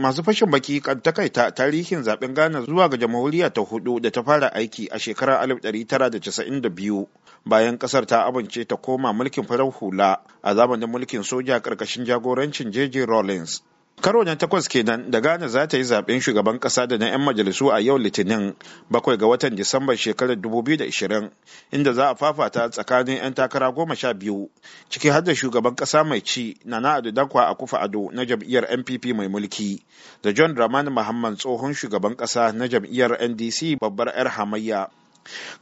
masu fashin baki kan takaita tarihin zaben Ghana zuwa ga jamhuriya ta hudu da ta fara aiki a shekarar 1992 bayan kasar ta amince ta koma mulkin farar hula a zamanin mulkin soja karkashin jagorancin JJ Rawlings. Karo na takwas kenan da Ghana za ta yi zaɓen shugaban ƙasa da na 'yan majalisu a yau Litinin bakwai ga watan Disambar shekarar 2020 inda za a fafata tsakanin 'yan takara goma sha biyu ciki har da shugaban ƙasa mai ci na na'adu dakwa a kufa Ado na jam'iyyar NPP mai mulki da John Dramani Mahamman tsohon shugaban ƙasa na jam'iyyar NDC babbar 'yar hamayya.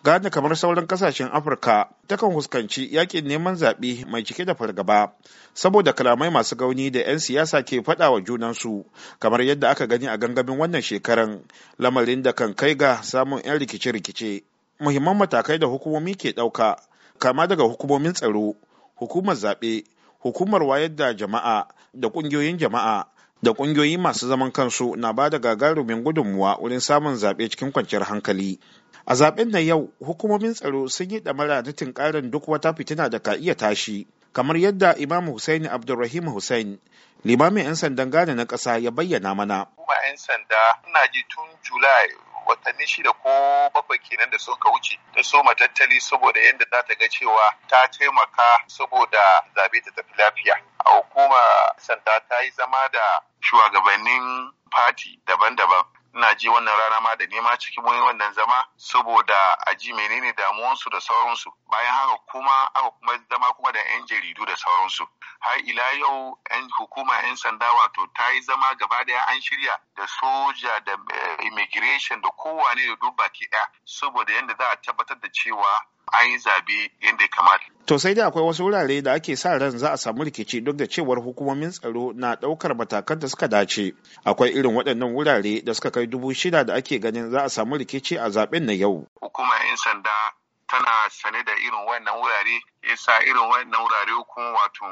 Ghana kamar sauran kasashen Afirka takan fuskanci yakin neman zaɓe mai cike da fargaba saboda kalamai masu gauni da 'yan siyasa ke faɗa wa junansu kamar yadda aka gani a gangamin wannan shekaran lamarin da kan kai ga samun 'yan rikice-rikice. Muhimman matakai da hukumomi ke ɗauka kama daga hukumomin tsaro, hukumar zaɓe, hukumar wayar da jama'a da ƙungiyoyin jama'a da ƙungiyoyi masu zaman kansu na ba da gagarumin gudunmuwa wurin samun zaɓe cikin kwanciyar hankali. A zaben na yau, hukumomin tsaro sun yi ɗamara na tunkarin duk wata fitina da ka iya tashi, kamar yadda Imam Hussein Abdulrahim Hussein, limamin 'yan sandan gane na ƙasa ya bayyana mana. Kuma 'yan sanda ina ji tun Julai watanni shida ko bakwai kenan da suka wuce ta so tattali saboda yadda za ta ga cewa ta taimaka saboda zabe ta tafi lafiya. A hukuma sanda ta yi zama da shugabannin fati daban-daban ina ji wannan rana ma da nema cikin wani wannan zama saboda a ji menene damuwansu da sauransu bayan haka kuma aka kuma zama kuma da yan jaridu da sauransu har ila yau yan hukuma yan sanda wato ta yi zama gaba daya an shirya da soja da eh, immigration da kowane da duk baki daya saboda yadda za a tabbatar da cewa an yi zabe yadda ya kamata. To sai dai akwai wasu wurare da ake sa ran za a samu rikici duk da cewar hukumomin tsaro na ɗaukar matakan da suka dace. Akwai irin waɗannan wurare da suka kai dubu shida da ake ganin za a samu rikici a zaben na yau. Hukumar 'yan sanda tana sane da irin wannan wurare yasa irin wannan wurare kuma wato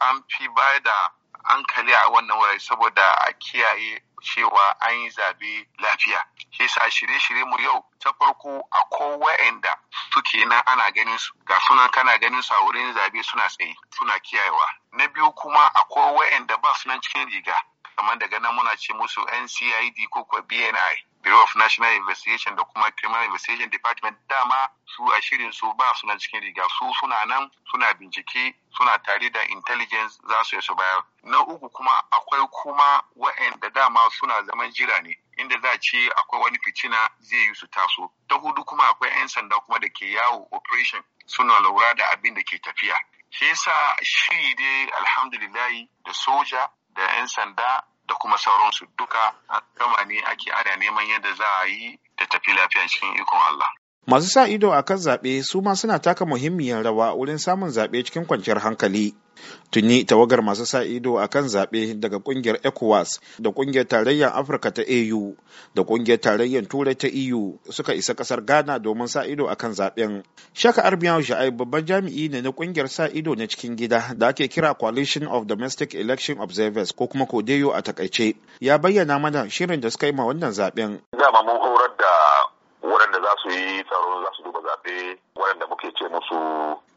an fi ba da hankali a wannan wurare saboda a kiyaye cewa an yi zabe lafiya ke sa shirye-shirye mu yau ta farko a wayanda. suke nan ana ganin su ga sunan kana ganin su a wurin zabe suna tsaye suna kiyayewa na biyu kuma a wayanda ba sunan cikin riga kamar daga nan muna ce musu ncid ko kuwa bni Bureau of National Investigation da kuma Criminal Investigation Department dama su a shirin su ba suna cikin riga su suna nan suna bincike suna tare da intelligence za su su bayar. Na uku kuma akwai kuma wa'anda dama suna zaman jira ne inda za ce akwai wani ficina zai yi su taso. Ta hudu kuma akwai 'yan sanda kuma da ke yawo operation suna lura da abin da ke tafiya. Shi yasa shi dai alhamdulillahi da soja da 'yan sanda da kuma sauransu duka a gama ne ake ana neman yadda za a yi da tafi lafiya cikin ikon Allah. Masu sa ido a kan zaɓe su ma suna taka muhimmiyar rawa wurin samun zaɓe cikin kwanciyar hankali. tuni tawagar masu sa ido a kan zaɓe daga ƙungiyar ecowas da ƙungiyar tarayyar afirka ta au da ƙungiyar tarayyar turai ta eu suka isa ƙasar ghana domin sa ido a kan zaɓen shaka armiyahu sha'ai babban jami'i ne na ƙungiyar sa ido na cikin gida da ake kira coalition of domestic election observers ko kuma kodeyo a takaice ya bayyana mana shirin da suka yi ma wannan zaɓen dama mun horar da waɗanda za su yi tsaro za su duba zaɓe waɗanda muke ce musu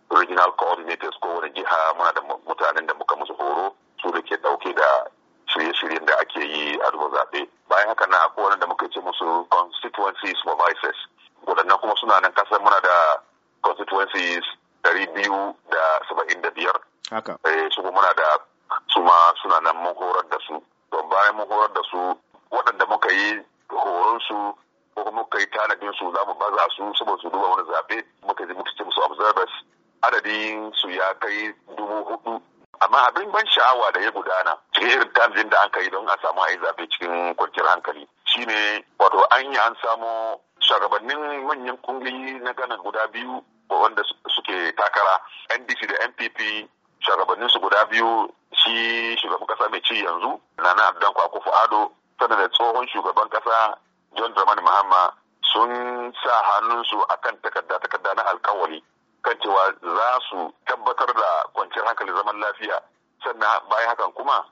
regional coordinators ko wani jiha muna da mutanen da muka musu horo su da ke dauke da shirye-shiryen da ake yi a duba zaɓe bayan haka na akwai wani da muka ce musu constituency supervisors waɗannan kuma suna nan kasar muna da constituencies dari biyu da saba'in da biyar eh, su kuma muna da su ma suna nan mun horar da su don bayan mun horar da su waɗanda muka yi horon su ko kuma muka yi tanadin su za mu su ya kai dubu hudu amma abin ban sha'awa da ya gudana cikin irin tamjin da an yi don a samu a yi zaɓe cikin kwanciyar hankali shine wato an yi an samu shugabannin manyan kungiyoyi na gana guda biyu wanda suke takara ndc da npp shugabannin su guda biyu shi shugaban kasa mai ci yanzu nana abdan kwakufu ado sannan da tsohon shugaban kasa john dramani mahama sun sa hannun hannunsu akan takarda takarda na alkawari kan cewa za su tabbatar da kwanciyar hankali zaman lafiya sannan bayan hakan kuma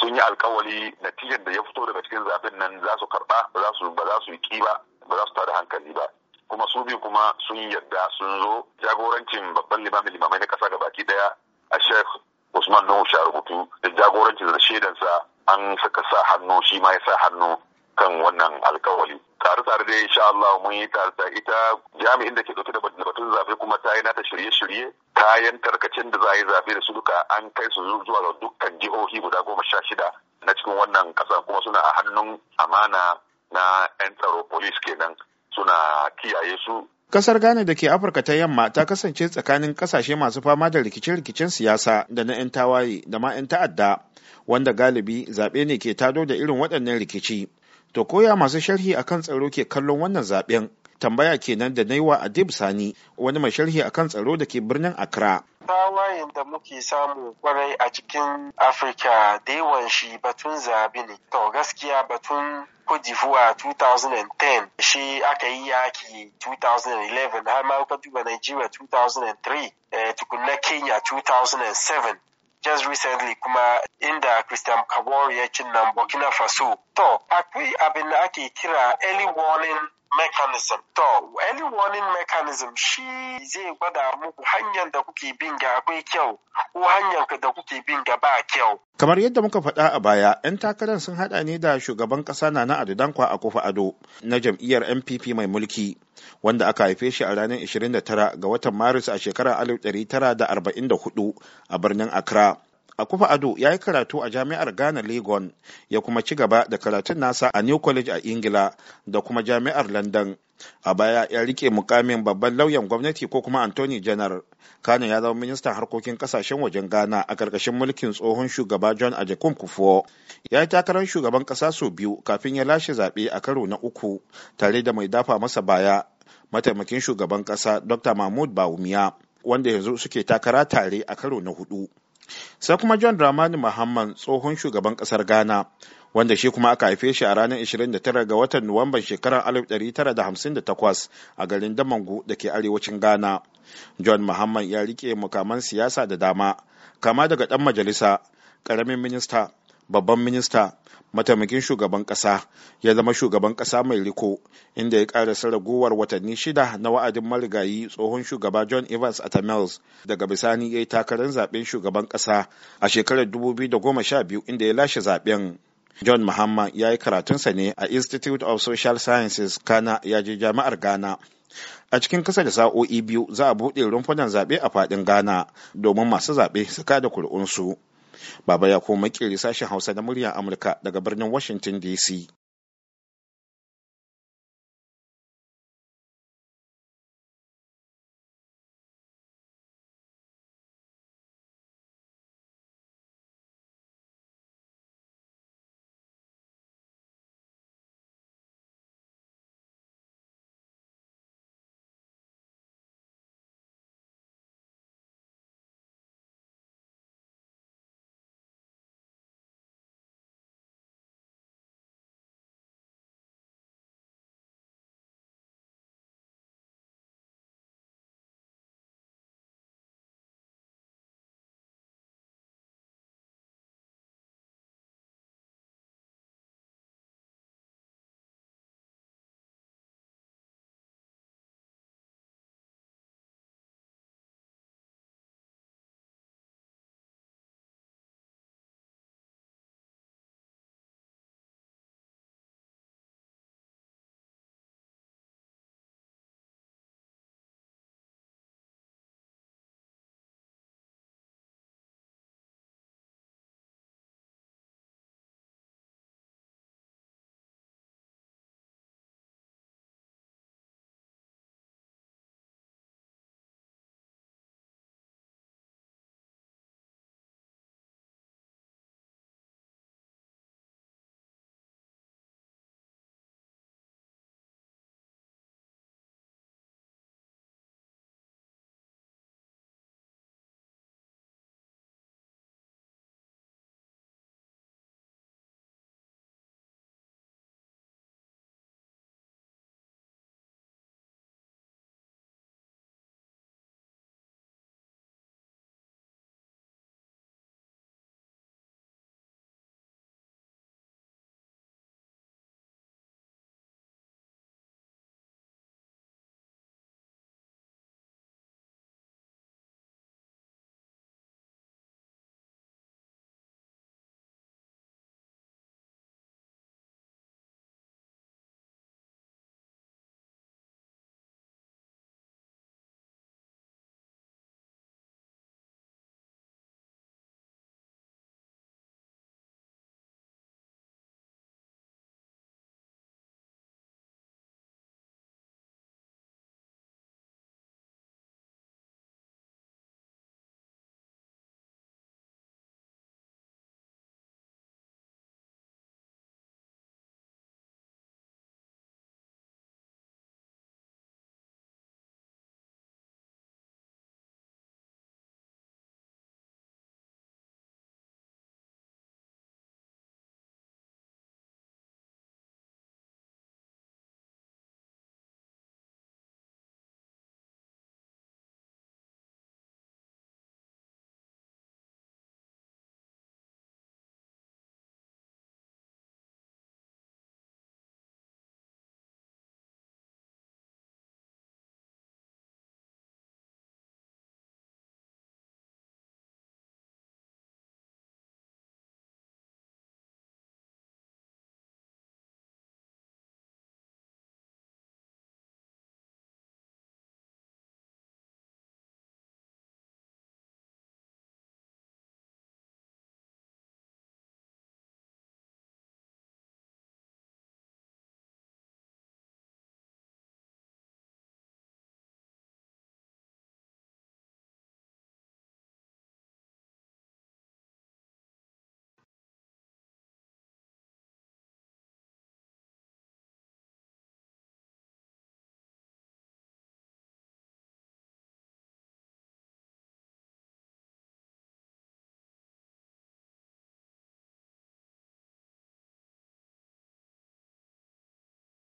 sun yi alkawali natijar da ya fito daga cikin zaben nan za su karba ba za su yi ki ba ba za su tada hankali ba kuma su biyu kuma sun yarda sun zo jagorancin babban limamin limamai na kasa gabaki daya a sheikh usman nuhu a rubutu da jagorancin da shaidansa an saka sa hannu shi ma ya sa hannu kan wannan alkawali tare tare da insha Allah mun yi tare ita jami'in da ke dauke da shirye-shirye kayan tarkacin da za a yi zaɓe da su duka an kai su zuwa ga dukkan jihohi guda goma sha shida na cikin wannan ƙasa kuma suna a hannun amana na 'yan tsaro police kenan suna kiyaye su Kasar Ghana da ke Afirka ta yamma ta kasance tsakanin kasashe masu fama da rikice-rikicen siyasa da na 'yan tawaye da ma 'yan ta'adda, wanda galibi zaɓe ne ke tado da irin waɗannan rikici. To koya masu sharhi akan tsaro ke kallon wannan zaɓen. tambaya kenan da na yi wa Adib Sani wani mai sharhi akan tsaro da ke birnin Accra. tawayen da muke samu kwarai a cikin afirka da yawan shi batun zabi ne to gaskiya batun Cote d'Ivoire 2010 shi aka yi yaki 2011 har ma kwa duba Nigeria 2003 eh, tukunna Kenya 2007 just recently kuma inda Christian Kabor ya cin nan Burkina Faso. To, akwai abin da ake kira early warning mechanism. To, any warning mechanism shi zai gwada muku hanyar da kuke bin ga akwai kyau ko hanyar da kuke bin ga ba kyau. Kamar yadda muka faɗa a baya, 'yan takarar sun haɗa ne da shugaban ƙasa Nana Ado a kofa Ado na jam'iyyar NPP mai mulki, wanda aka haife shi a ranar 29 ga watan Maris a shekarar 1944 a birnin Accra. a Akufa Ado ya yi karatu a jami'ar Ghana Legon ya kuma ci gaba da karatun nasa a New College a Ingila da kuma jami'ar London. A baya ya rike mukamin babban lauyan gwamnati ko kuma Anthony Janar. Kano ya zama ministan harkokin kasashen wajen Ghana a karkashin mulkin tsohon shugaba John ajakun Kufuor. Ya yi takarar shugaban kasa sau biyu kafin ya lashe zaɓe a karo na uku tare da mai dafa masa baya mataimakin shugaban kasa Dr. Mahmud Bawumia wanda yanzu suke takara tare a karo na hudu. sai kuma john dramani mahamman tsohon shugaban kasar ghana wanda shi kuma aka haife shi a ranar 29 ga watan nuwamban shekarar 1958 a garin damangu da ke arewacin ghana john mahamman ya rike mukaman siyasa da dama kama daga dan majalisa karamin minista babban minista mataimakin shugaban Kasa, ya zama shugaban ƙasa mai riko inda ya ƙarasa saraguwar watanni shida na wa'adin marigayi tsohon shugaba john evans atamels daga bisani ya yi takarar zaben shugaban ƙasa a shekarar 2012 inda ya lashe zaben John Mahama ya yi karatunsa ne a Institute of Social Sciences Kana ya je jami'ar Ghana. A cikin kasa da sa'o'i biyu za a buɗe rumfunan zaɓe a faɗin Ghana domin masu zaɓe su kada kuri'unsu. Baba ya koma makeri sashen Hausa na murya Amurka daga birnin Washington DC.